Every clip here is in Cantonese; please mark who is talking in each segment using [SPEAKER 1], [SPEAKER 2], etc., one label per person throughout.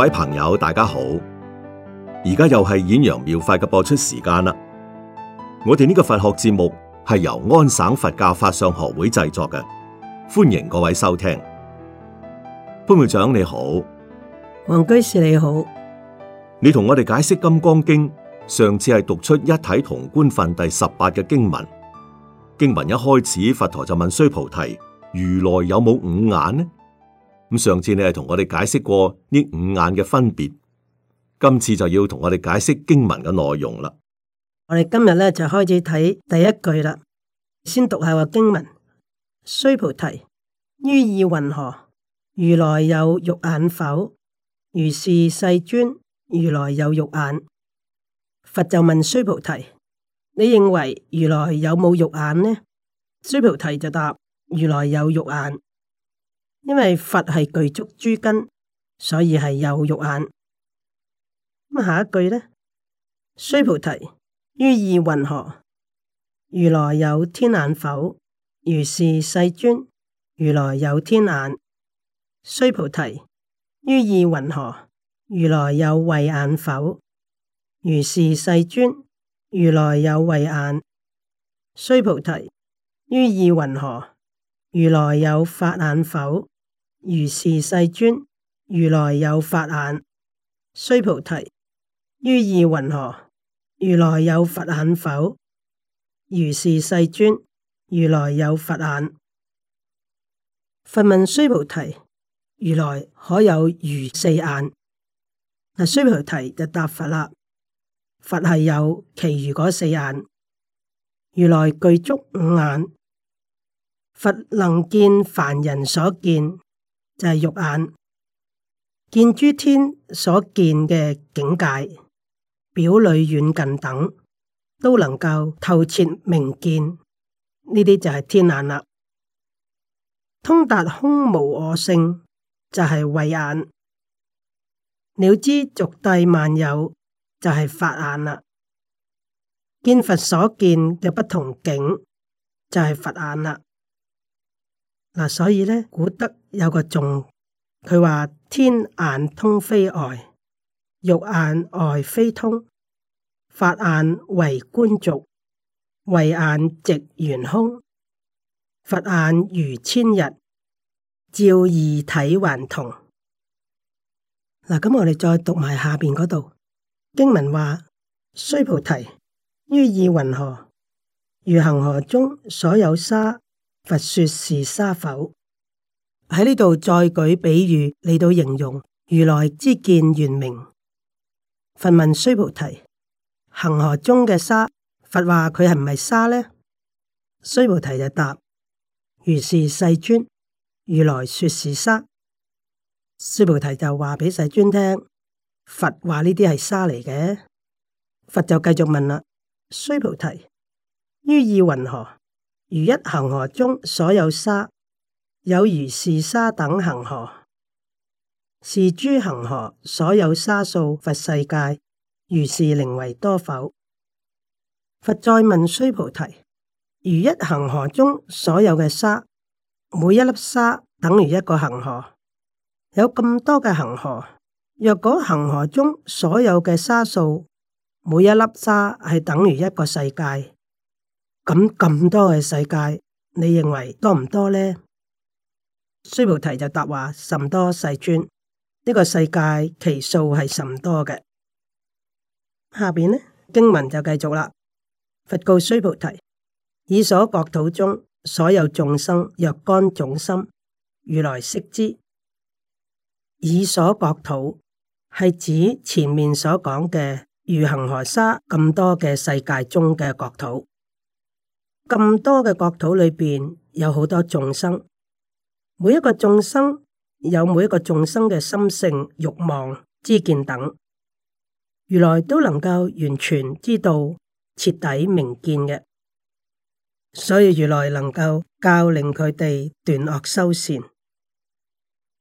[SPEAKER 1] 各位朋友，大家好！而家又係演揚妙，妙法嘅播出時間啦。我哋呢個佛學節目係由安省佛教法相學會製作嘅，歡迎各位收聽。潘會長你好，
[SPEAKER 2] 黃居士你好，
[SPEAKER 1] 你同我哋解釋《金剛經》，上次係讀出一體同觀分第十八嘅經文。經文一開始，佛陀就問須菩提，如來有冇五眼呢？咁上次你係同我哋解釋過呢五眼嘅分別，今次就要同我哋解釋經文嘅內容啦。
[SPEAKER 2] 我哋今日咧就開始睇第一句啦，先讀下個經文：須菩提，於意云何？如來有肉眼否？如是世尊，如來有肉眼。佛就問須菩提：你認為如來有冇肉眼呢？須菩提就答：如來有肉眼。因為佛係具足諸根，所以係有肉眼。咁下一句呢：「須菩提於意云何？如來有天眼否？如是世尊，如來有天眼。須菩提於意云何？如來有慧眼否？如是世尊，如來有慧眼。須菩提於意云何？如來有法眼否？如是世尊，如來有法眼，須菩提，於意云何？如來有佛眼否？如是世尊，如來有佛眼。佛問須菩提，如來可有如四眼？那須菩提就答佛啦。佛係有其餘嗰四眼，如來具足五眼，佛能見凡人所見。就係肉眼見諸天所見嘅境界、表裏遠近等，都能夠透徹明見，呢啲就係天眼啦。通達空無我性就係、是、慧眼，了知俗諦萬有就係、是、法眼啦。見佛所見嘅不同境就係、是、佛眼啦。嗱、啊，所以咧古德，有個仲，佢話天眼通非外，肉眼外非通，法眼為觀俗，慧眼直圓空，佛眼如千日，照異體還同。嗱、啊，咁、嗯、我哋再讀埋下邊嗰度經文話：須菩提，於意云何？如恒河中所有沙，佛說是沙否？喺呢度再舉比喻嚟到形容如來之見圓明。佛問須菩提：恒河中嘅沙，佛話佢係唔係沙呢？須菩提就答：如是世尊，如來說是沙。須菩提就話俾世尊聽：佛話呢啲係沙嚟嘅。佛就繼續問啦：須菩提，於意云何如一恒河中所有沙。有如是沙等恒河，是諸恒河所有沙數佛世界，如是寧為多否？佛再問須菩提：如一恒河中所有嘅沙，每一粒沙等於一個恒河，有咁多嘅恒河。若果恒河中所有嘅沙數，每一粒沙係等於一個世界，咁咁多嘅世界，你認為多唔多呢？須菩提就答話：甚多世尊，呢、這個世界其數係甚多嘅。下邊呢經文就繼續啦。佛告須菩提：以所國土中所有眾生若干種心，如來悉知。以所國土係指前面所講嘅如恒河沙咁多嘅世界中嘅國土，咁多嘅國土裏邊有好多眾生。每一個眾生有每一個眾生嘅心性、欲望、知見等，如來都能夠完全知道、徹底明見嘅，所以如來能夠教令佢哋斷惡修善。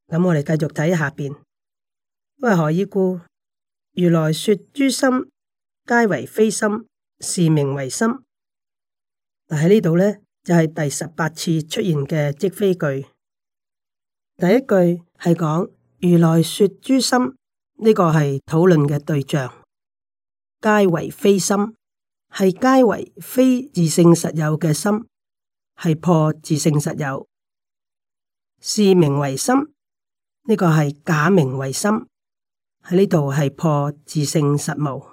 [SPEAKER 2] 咁我哋繼續睇下邊，因為何以故？如來說諸心皆為非心，是名為心。但喺呢度呢，就係第十八次出現嘅即非句。第一句係講如來說諸心，呢個係討論嘅對象，皆為非心，係皆為非自性實有嘅心，係破自性實有。是名為心，呢個係假名為心，喺呢度係破自性實無。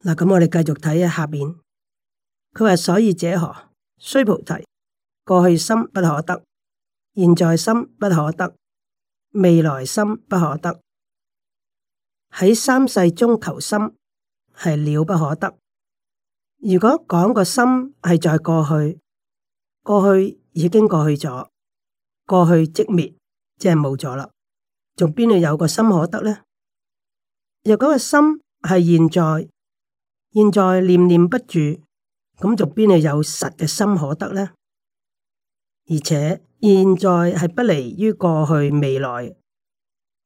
[SPEAKER 2] 嗱，咁我哋繼續睇下面。「佢話所以者何？須菩提，過去心不可得。現在心不可得，未來心不可得，喺三世中求心係了不可得。如果講個心係在過去，過去已經過去咗，過去即滅，即係冇咗啦，仲邊度有個心可得呢？若果個心係現在，現在念念不住，咁仲邊度有實嘅心可得呢？而且。現在係不離於過去未來，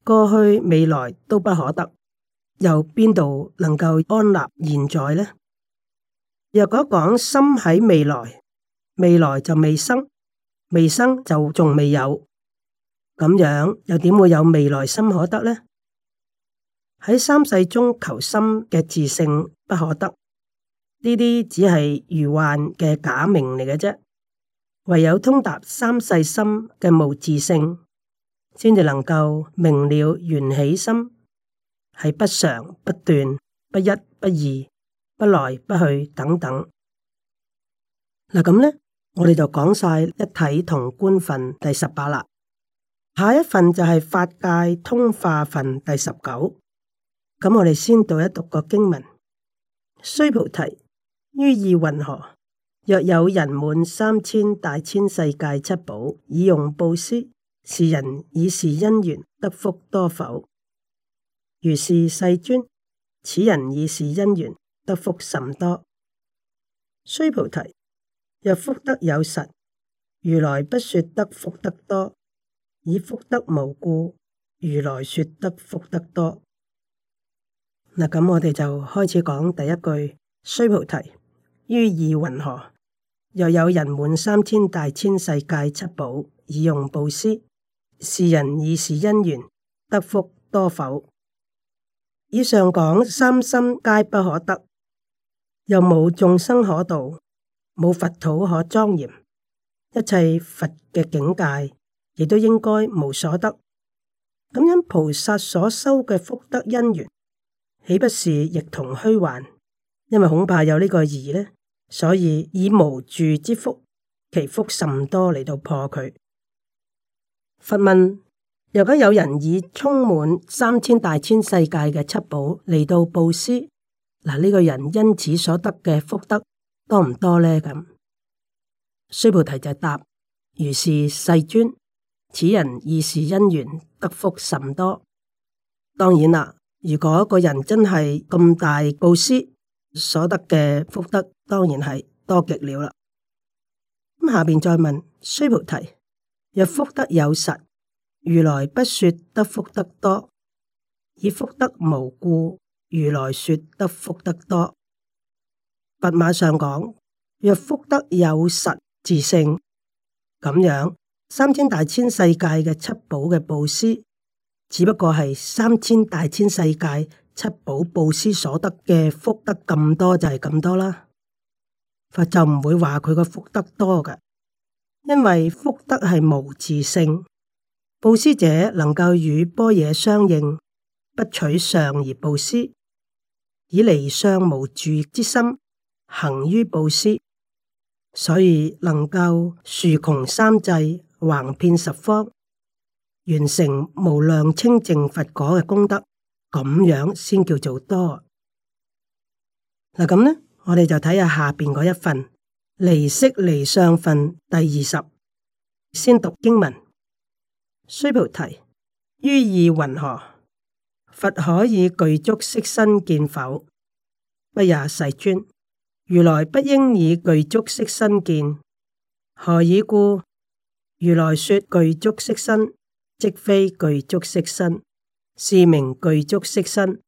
[SPEAKER 2] 過去未來都不可得，又邊度能夠安立現在呢？若果講心喺未來，未來就未生，未生就仲未有，咁樣又點會有未來心可得呢？喺三世中求心嘅自性不可得，呢啲只係如幻嘅假名嚟嘅啫。唯有通達三世心嘅無自性，先至能夠明了緣起心係不常不斷、不一不二、不來不去等等。嗱咁呢，我哋就講晒一體同觀分第十八啦。下一份就係法界通化分第十九。咁我哋先讀一讀個經文：須菩提，於意云何？若有人滿三千大千世界七寶以用布施，是人以是因緣得福多否？如是世尊，此人以是因緣得福甚多。須菩提，若福德有實，如來不說得福得多，以福德無故，如來說得福得多。嗱，咁我哋就開始講第一句。須菩提，於意云何？又有人滿三千大千世界七寶以用布施，是人以是因緣得福多否？以上講三心皆不可得，又冇眾生可度，冇佛土可莊嚴，一切佛嘅境界亦都應該無所得。咁樣菩薩所修嘅福德因緣，豈不是亦同虛幻？因為恐怕有呢個疑呢。所以以無住之福，其福甚多嚟到破佢。佛問：若果有人以充滿三千大千世界嘅七寶嚟到布施，嗱、這、呢個人因此所得嘅福德多唔多呢？」咁須菩提就答：如是世尊，此人以是因緣得福甚多。當然啦，如果一個人真係咁大布施，所得嘅福德。當然係多極了啦。咁下邊再問須菩提：若福德有實，如來不說得福德多；以福德無故，如來說得福德多。佛馬上講：若福德有實自性，咁樣三千大千世界嘅七寶嘅布施，只不過係三千大千世界七寶布施所得嘅福德咁多，就多，就係咁多啦。佛就唔會話佢個福德多嘅，因為福德係無自性。布施者能夠與般若相應，不取相而布施，以離相無住之心行於布施，所以能夠樹窮三際，橫遍十方，完成無量清淨佛果嘅功德，咁樣先叫做多。嗱咁呢？我哋就睇下下邊嗰一份《離色離相分》第二十，先讀經文。須菩提，於意云何？佛可以具足色身見否？不也，世尊。如來不應以具足色身見。何以故？如來說具足色身，即非具足色身，是名具足色身。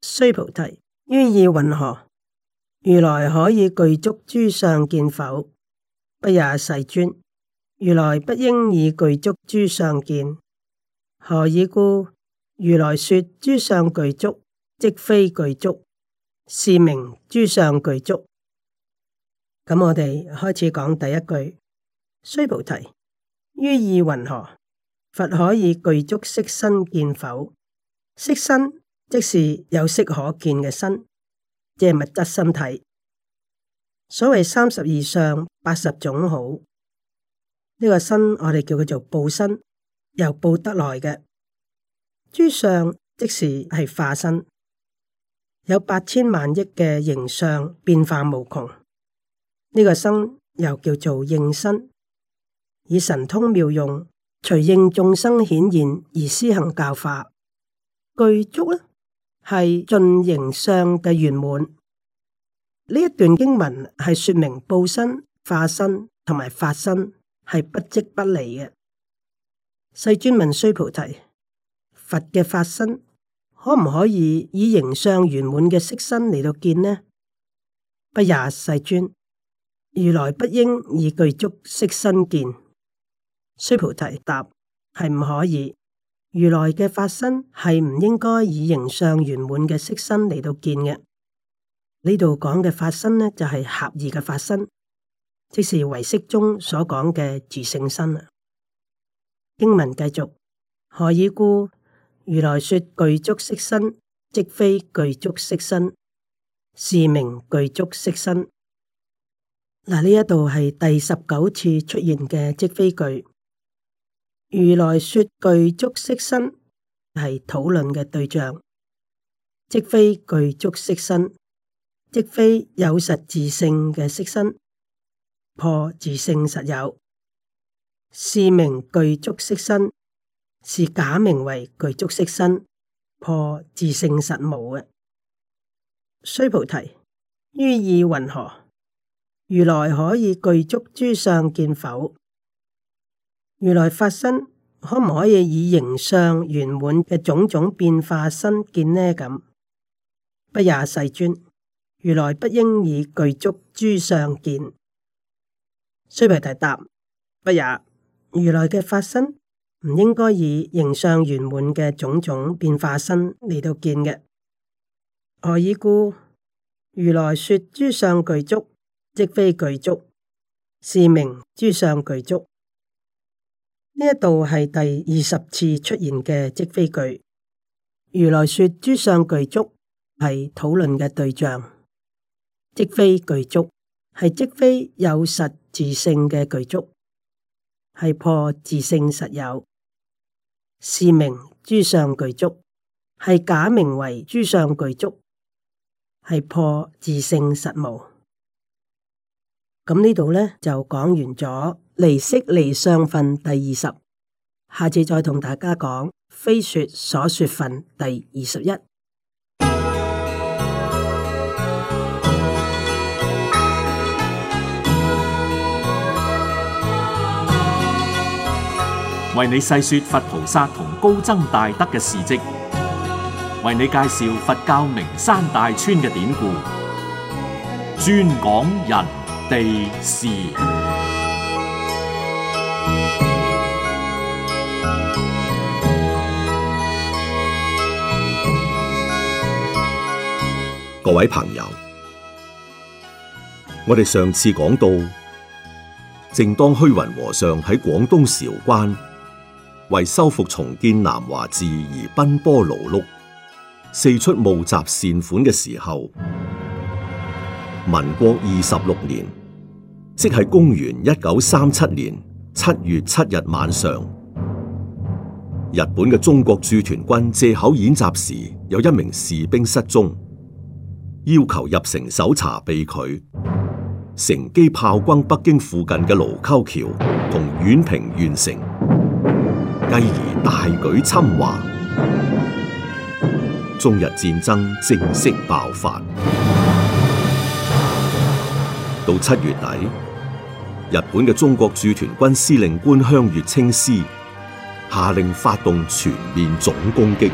[SPEAKER 2] 須菩提，於意云何？如來可以具足諸相見否？不也，世尊。如來不應以具足諸相見。何以故？如來說諸相具足，即非具足，是名諸相具足。咁我哋開始講第一句。須菩提，於意云何？佛可以具足色身見否？色身即是有色可見嘅身。即係物質身體，所謂三十二相八十種好。呢、這個身我哋叫佢做報身，由報得來嘅。諸相即時是係化身，有八千萬億嘅形相，變化無窮。呢、這個身又叫做應身，以神通妙用，隨應眾生顯現而施行教化，具足呢。係盡形相嘅圓滿。呢一段經文係說明報身、化身同埋法身係不即不離嘅。世尊問須菩提：佛嘅法身可唔可以以形相圓滿嘅色身嚟到見呢？不也，世尊，如來不應以具足色身見。須菩提答：係唔可以。如來嘅法身係唔應該以形象圓滿嘅色身嚟到見嘅，呢度講嘅法身呢就係狹義嘅法身，即是唯識中所講嘅自性身啦。經文繼續，何以故？如來說具足色身，即非具足色身，是名具足色身。嗱，呢一度係第十九次出現嘅即非句」。如來說具足色身係討論嘅對象，即非具足色身，即非有實自性嘅色身，破自性實有，是名具足色身，是假名為具足色身，破自性實無嘅。須菩提，於意云何？如來可以具足諸相見否？如來法身可唔可以以形相圓滿嘅種種變化身見呢？咁不也世尊，如來不應以具足諸相見。須菩提答：不也，如來嘅法身唔應該以形相圓滿嘅種種變化身嚟到見嘅。何以故？如來說諸相具足，即非具足，是名諸相具足。呢一度係第二十次出現嘅即非句。如來說諸相具足係討論嘅對象，即非具足係即非有實自性嘅具足，係破自性實有，是名諸相具足，係假名為諸相具足，係破自性實無。咁呢度咧就講完咗。離色離相分第二十，下次再同大家講非說所說分第二十一。
[SPEAKER 1] 為你細說佛菩薩同高僧大德嘅事跡，為你介紹佛教名山大川嘅典故，專講人地事。各位朋友，我哋上次講到，正當虛雲和尚喺廣東韶關為修復重建南華寺而奔波勞碌、四處募集善款嘅時候，民國二十六年，即係公元一九三七年七月七日晚上，日本嘅中國駐屯軍借口演習時，有一名士兵失蹤。要求入城搜查被拒，乘機炮轟北京附近嘅盧溝橋同宛平縣城，繼而大舉侵華，中日戰爭正式爆發。到七月底，日本嘅中國駐屯軍司令官香月清司下令發動全面總攻擊。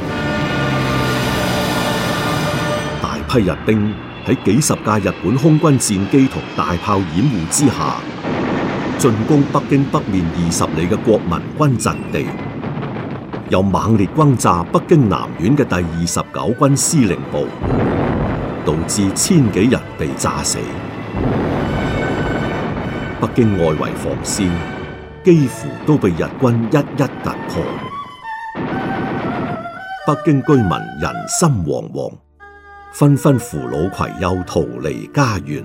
[SPEAKER 1] 批日兵喺幾十架日本空軍戰機同大炮掩護之下，進攻北京北面二十里嘅國民軍陣地，又猛烈轟炸北京南苑嘅第二十九軍司令部，導致千幾人被炸死。北京外圍防綫幾乎都被日軍一一突破，北京居民人心惶惶。紛紛扶老攜幼逃離家園，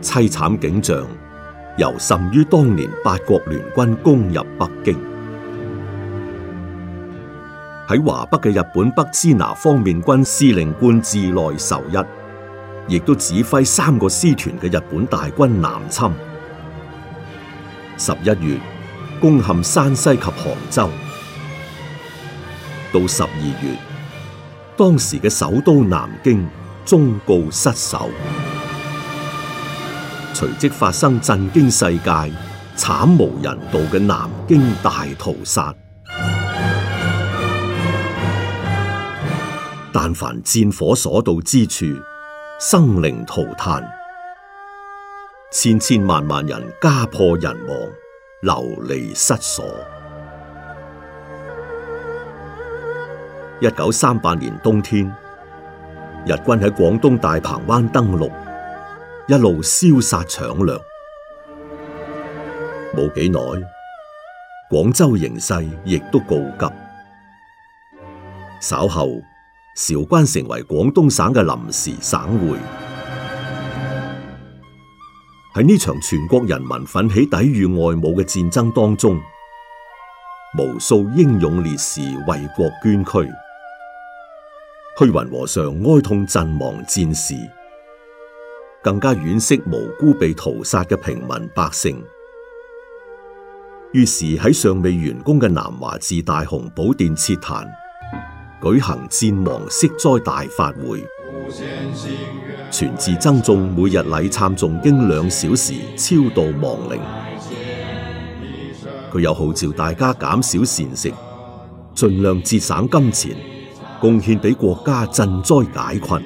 [SPEAKER 1] 淒慘景象，尤甚於當年八國聯軍攻入北京。喺華北嘅日本北支那方面軍司令官寺內壽一，亦都指揮三個師團嘅日本大軍南侵。十一月攻陷山西及杭州，到十二月。當時嘅首都南京終告失守，隨即發生震驚世界、慘無人道嘅南京大屠殺。但凡戰火所到之處，生靈塗炭，千千萬萬人家破人亡，流離失所。一九三八年冬天，日軍喺廣東大鵬灣登陸，一路燒殺搶掠。冇幾耐，廣州形勢亦都告急。稍後，韶關成為廣東省嘅臨時省會。喺呢場全國人民奮起抵御外侮嘅戰爭當中，無數英勇烈士為國捐軀。虛雲和尚哀痛陣亡戰士，更加惋惜無辜被屠殺嘅平民百姓。於是喺尚未完工嘅南華寺大雄寶殿設壇，舉行戰亡息災大法會，
[SPEAKER 3] 全
[SPEAKER 1] 寺僧眾每日禮懺誦經兩小時，超度亡靈。佢又限號召大家減少膳食，盡量節省金錢。貢獻俾國家賑災解困。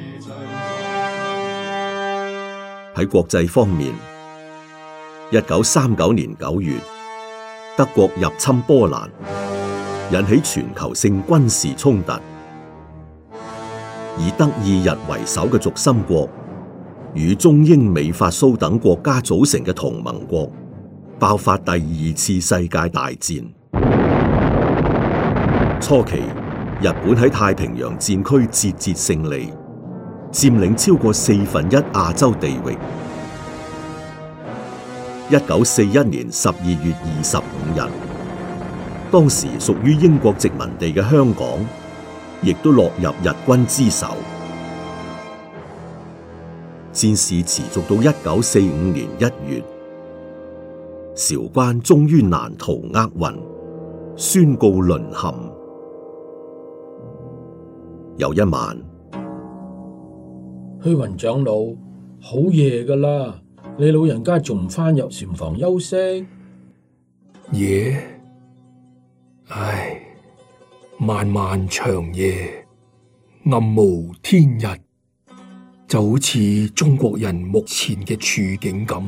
[SPEAKER 1] 喺國際方面，一九三九年九月，德國入侵波蘭，引起全球性軍事衝突。以德意日為首嘅軸心國，與中英美法蘇等國家組成嘅同盟國，爆發第二次世界大戰。初期，日本喺太平洋戰區節節勝利，佔領超過四分一亞洲地域。一九四一年十二月二十五日，當時屬於英國殖民地嘅香港，亦都落入日軍之手。戰事持續到一九四五年一月，韶關終於難逃厄運，宣告淪陷。又一晚，
[SPEAKER 3] 虛雲長老，好夜㗎喇！你老人家仲唔返入禪房休息？夜，唉，漫漫長夜，暗無天日，就好似中國人目前嘅處境咁，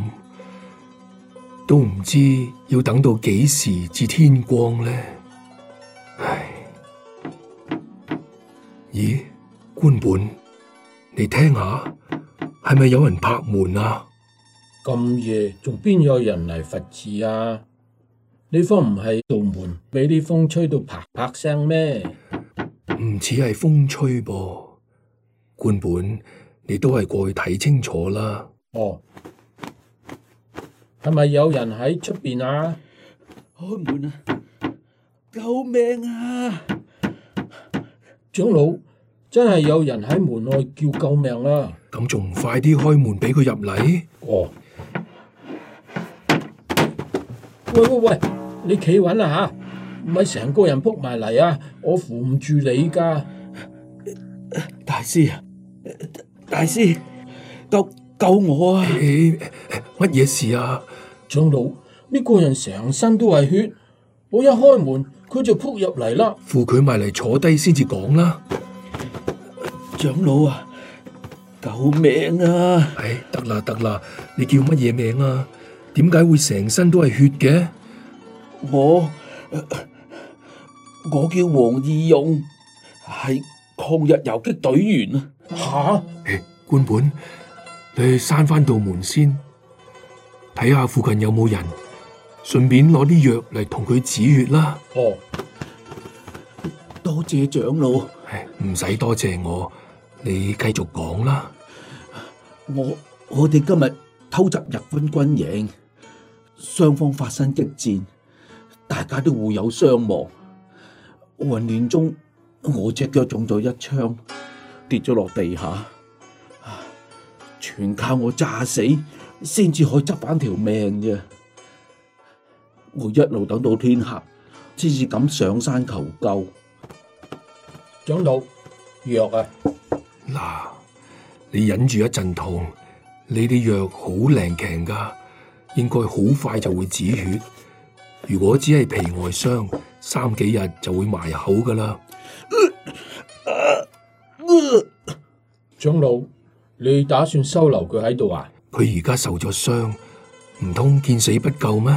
[SPEAKER 3] 都唔知要等到幾時至天光呢。唉。咦，官本，你聽下係咪有人拍門啊？咁夜仲邊有人嚟佛寺啊？呢方唔係道門，俾啲風吹到啪啪聲咩？唔似係風吹噃。官本，你都係過去睇清楚啦。哦，係咪有人喺出邊啊？開門啊，救命啊！長老，真係有人喺門外叫救命啦，啊！咁仲唔快啲開門俾佢入嚟？哦！喂喂喂，你企穩啦吓，咪成個人撲埋嚟啊！我扶唔住你噶。大師啊，大師救救我啊！乜嘢事啊？長老，呢、這個人成身都係血，我一開門。佢就撲入嚟啦，扶佢埋嚟坐低先至講啦。長老啊，救命啊！唉，得啦得啦，你叫乜嘢名啊？點解會成身都係血嘅？我我叫黃義勇，係抗日游擊隊員啊！吓，官本，你去閂翻道門先，睇下附近有冇人。順便攞啲藥嚟同佢止血啦。哦，多謝長老。唔使多謝我，你繼續講啦。我我哋今日偷襲日軍軍營，雙方發生激戰，大家都互有傷亡。混亂中，我隻腳中咗一槍，跌咗落地下，全靠我詐死，先至可以執返條命嘅。我一路等到天黑，先至敢上山求救。長老，藥啊！嗱，你忍住一陣痛，呢啲藥好靈強噶應該好快就會止血。如果只係皮外傷，三幾日就會埋口噶啦，呃呃呃。長老，你打算收留佢喺度啊？佢而家受咗傷，唔通見死不救咩？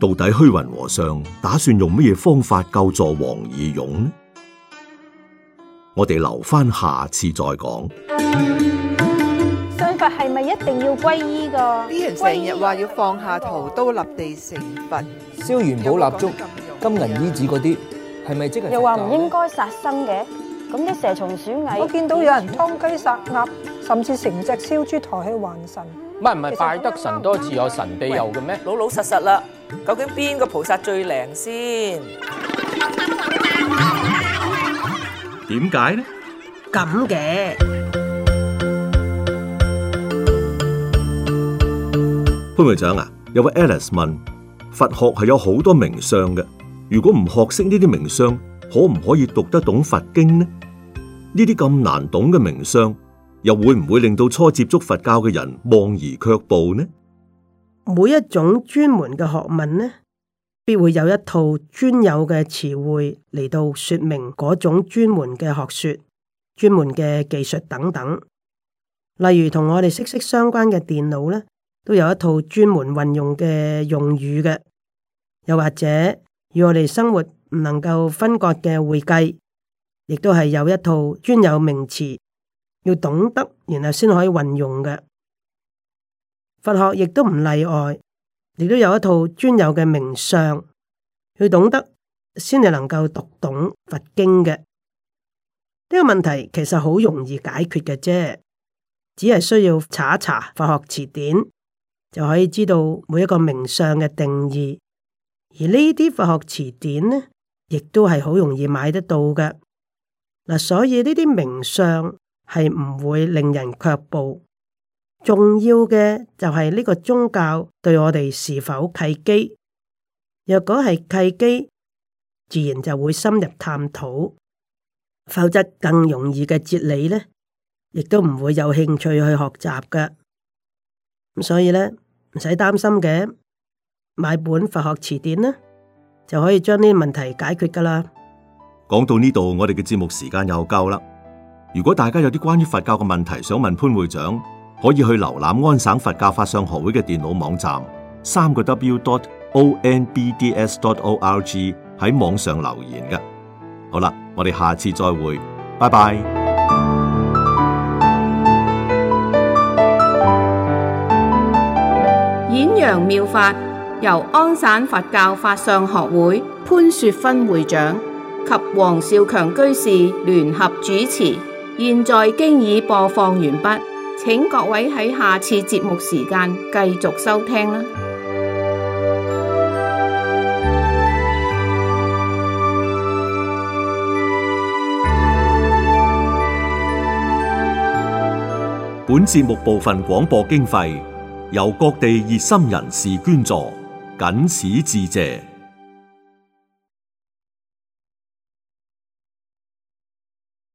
[SPEAKER 1] 到底虛雲和尚打算用乜嘢方法救助王爾勇？我哋留翻下，下次再講。
[SPEAKER 2] 信佛係咪一定要皈
[SPEAKER 3] 依㗎？啲人成日話要放下屠刀立地成佛，燒元寶蠟燭、金銀衣紙嗰啲，係咪、啊、即係？又話唔應
[SPEAKER 2] 該殺生嘅，咁啲蛇蟲鼠蟻，我見到有人劏雞殺鴨，甚至成隻燒豬抬去還神。
[SPEAKER 1] 唔係唔係，拜得神多自有神庇佑嘅咩？老老實實啦。究竟邊個菩薩最靈
[SPEAKER 2] 先？
[SPEAKER 1] 點解呢？
[SPEAKER 2] 咁嘅
[SPEAKER 1] 潘會長啊，有位 Alice 問：佛學係有好多名相嘅，如果唔學識呢啲名相，可唔可以讀得懂佛經呢？呢啲咁難懂嘅名相，又會唔會令到初接觸佛教嘅人望而卻步呢？
[SPEAKER 2] 每一種專門嘅學問呢，必會有一套專有嘅詞彙嚟到說明嗰種專門嘅學說、專門嘅技術等等。例如同我哋息息相關嘅電腦呢，都有一套專門運用嘅用語嘅。又或者與我哋生活唔能夠分割嘅會計，亦都係有一套專有名詞要懂得，然後先可以運用嘅。佛學亦都唔例外，亦都有一套專有嘅名相，要懂得先至能夠讀懂佛經嘅呢個問題，其實好容易解決嘅啫，只係需要查一查佛學詞典就可以知道每一個名相嘅定義，而呢啲佛學詞典呢，亦都係好容易買得到嘅，嗱，所以呢啲名相係唔會令人卻步。重要嘅就係呢個宗教對我哋是否契機？若果係契機，自然就會深入探討；否則更容易嘅哲理咧，亦都唔會有興趣去學習嘅。咁所以咧，唔使擔心嘅，買本佛學詞典咧，就可以將呢啲問題解決噶啦。
[SPEAKER 1] 講到呢度，我哋嘅節目時間又夠啦。如果大家有啲關於佛教嘅問題想問潘會長。可以去瀏覽安省佛教法相學會嘅電腦網站，三個 w dot o n b d s dot o r g 喺網上留言嘅。好啦，我哋下次再會，拜拜。
[SPEAKER 2] 演揚妙法由安省佛教法相學會潘雪芬會長及黃少強居士聯合主持，現在經已播放完畢。請各位喺下次節目時間繼續收聽啦。
[SPEAKER 1] 本節目部分廣播經費由各地熱心人士捐助，謹此致謝。